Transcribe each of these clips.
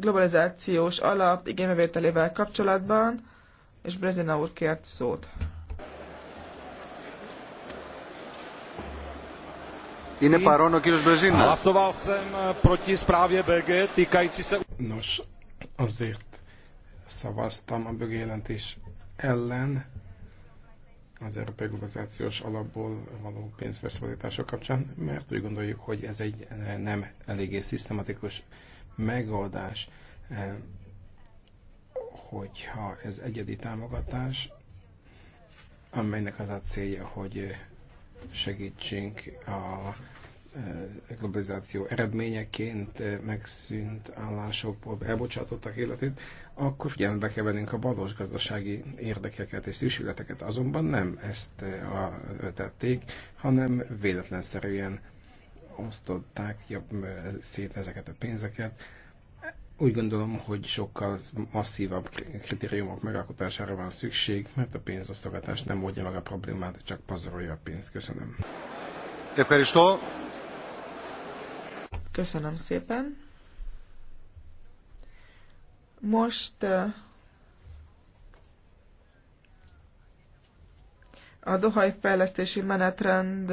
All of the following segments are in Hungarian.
globalizációs alap igénybevételével kapcsolatban, és Brezina úr kért szót. Είναι παρόν brezina. κύριος Μπρεζίνα. Hlasoval jsem eh, proti zprávě BG týkající se... Nos, azért szavaztam a BG jelentés ellen az Európai Globalizációs Alapból való pénzbeszabadítása kapcsán, mert úgy gondoljuk, hogy ez egy eh, nem eléggé szisztematikus megoldás, eh, hogyha ez egyedi támogatás, amelynek az a célja, hogy eh, segítsünk a eh, globalizáció eredményeként megszűnt állásokból elbocsátottak életét, akkor figyelembe kell vennünk a valós gazdasági érdekeket és szükségleteket. Azonban nem ezt a, tették, hanem véletlenszerűen osztották szét ezeket a pénzeket. Úgy gondolom, hogy sokkal masszívabb kritériumok megalkotására van szükség, mert a pénzosztogatás nem oldja meg a problémát, csak pazarolja a pénzt. Köszönöm. Köszönöm szépen. Most a Dohaj fejlesztési menetrend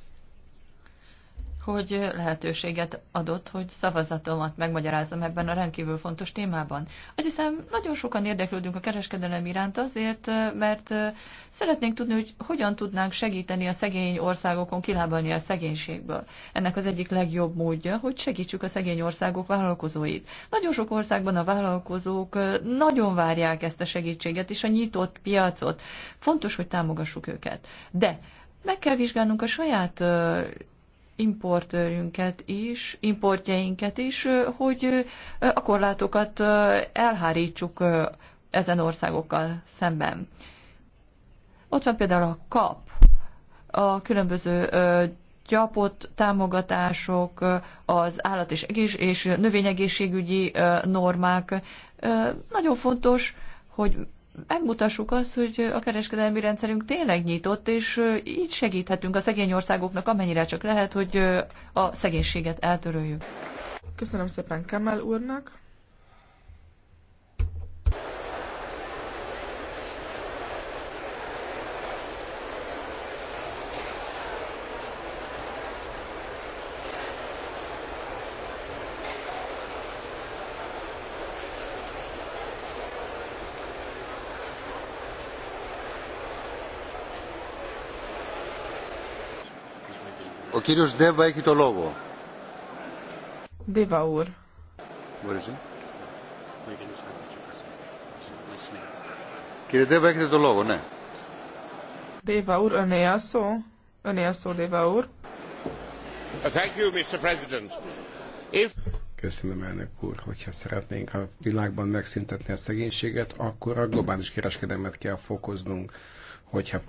hogy lehetőséget adott, hogy szavazatomat megmagyarázzam ebben a rendkívül fontos témában. Azt hiszem, nagyon sokan érdeklődünk a kereskedelem iránt azért, mert szeretnénk tudni, hogy hogyan tudnánk segíteni a szegény országokon kilábalni a szegénységből. Ennek az egyik legjobb módja, hogy segítsük a szegény országok vállalkozóit. Nagyon sok országban a vállalkozók nagyon várják ezt a segítséget és a nyitott piacot. Fontos, hogy támogassuk őket. De meg kell vizsgálnunk a saját importőrünket is, importjainket is, hogy a korlátokat elhárítsuk ezen országokkal szemben. Ott van például a kap, a különböző gyapott támogatások, az állat és, egész, és növényegészségügyi normák. Nagyon fontos, hogy megmutassuk azt, hogy a kereskedelmi rendszerünk tényleg nyitott, és így segíthetünk a szegény országoknak, amennyire csak lehet, hogy a szegénységet eltöröljük. Köszönöm szépen Kemel úrnak. Ο κύριος Ντέβα έχει το λόγο. Ντέβα ουρ. Μπορείτε. Κύριε öné a szó. Öné a szó, Ντέβα Thank you, Mr. President. If... Köszönöm, elnök úr, hogyha szeretnénk a világban megszüntetni a szegénységet, akkor a globális kereskedelmet kell fokoznunk. Hogyha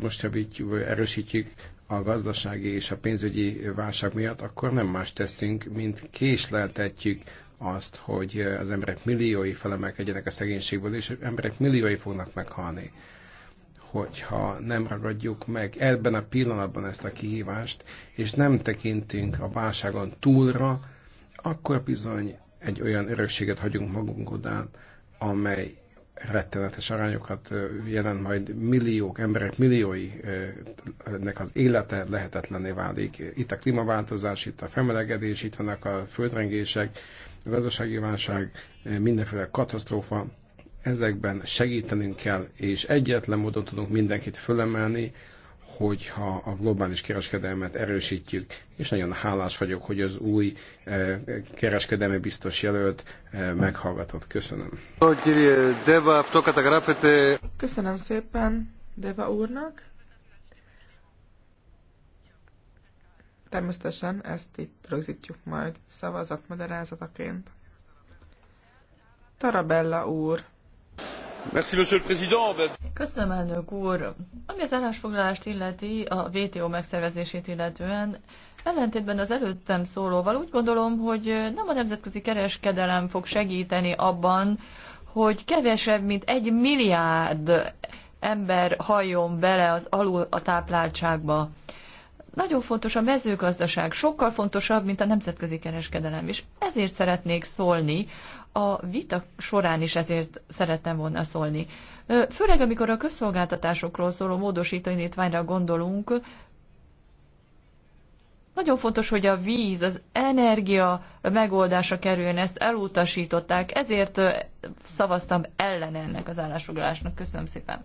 most javítjuk, erősítjük, a gazdasági és a pénzügyi válság miatt, akkor nem más teszünk, mint késleltetjük azt, hogy az emberek milliói felemelkedjenek a szegénységből, és emberek milliói fognak meghalni hogyha nem ragadjuk meg ebben a pillanatban ezt a kihívást, és nem tekintünk a válságon túlra, akkor bizony egy olyan örökséget hagyunk magunk után, amely rettenetes arányokat jelent majd milliók, emberek milliói nek az élete lehetetlenné válik. Itt a klímaváltozás, itt a felmelegedés, itt vannak a földrengések, a gazdasági válság, mindenféle katasztrófa. Ezekben segítenünk kell, és egyetlen módon tudunk mindenkit fölemelni, hogyha a globális kereskedelmet erősítjük, és nagyon hálás vagyok, hogy az új eh, kereskedelmi biztos jelölt eh, meghallgatott. Köszönöm. Köszönöm szépen Deva úrnak. Természetesen ezt itt rögzítjük majd szavazatmagyarázataként. Tarabella úr Köszönöm, elnök úr. Ami az állásfoglalást illeti, a VTO megszervezését illetően, ellentétben az előttem szólóval úgy gondolom, hogy nem a nemzetközi kereskedelem fog segíteni abban, hogy kevesebb, mint egy milliárd ember halljon bele az alul a tápláltságba. Nagyon fontos a mezőgazdaság, sokkal fontosabb, mint a nemzetközi kereskedelem, és ezért szeretnék szólni a vita során is ezért szerettem volna szólni. Főleg, amikor a közszolgáltatásokról szóló módosítóindítványra gondolunk, nagyon fontos, hogy a víz, az energia megoldása kerüljön, ezt elutasították, ezért szavaztam ellen ennek az állásfoglalásnak. Köszönöm szépen.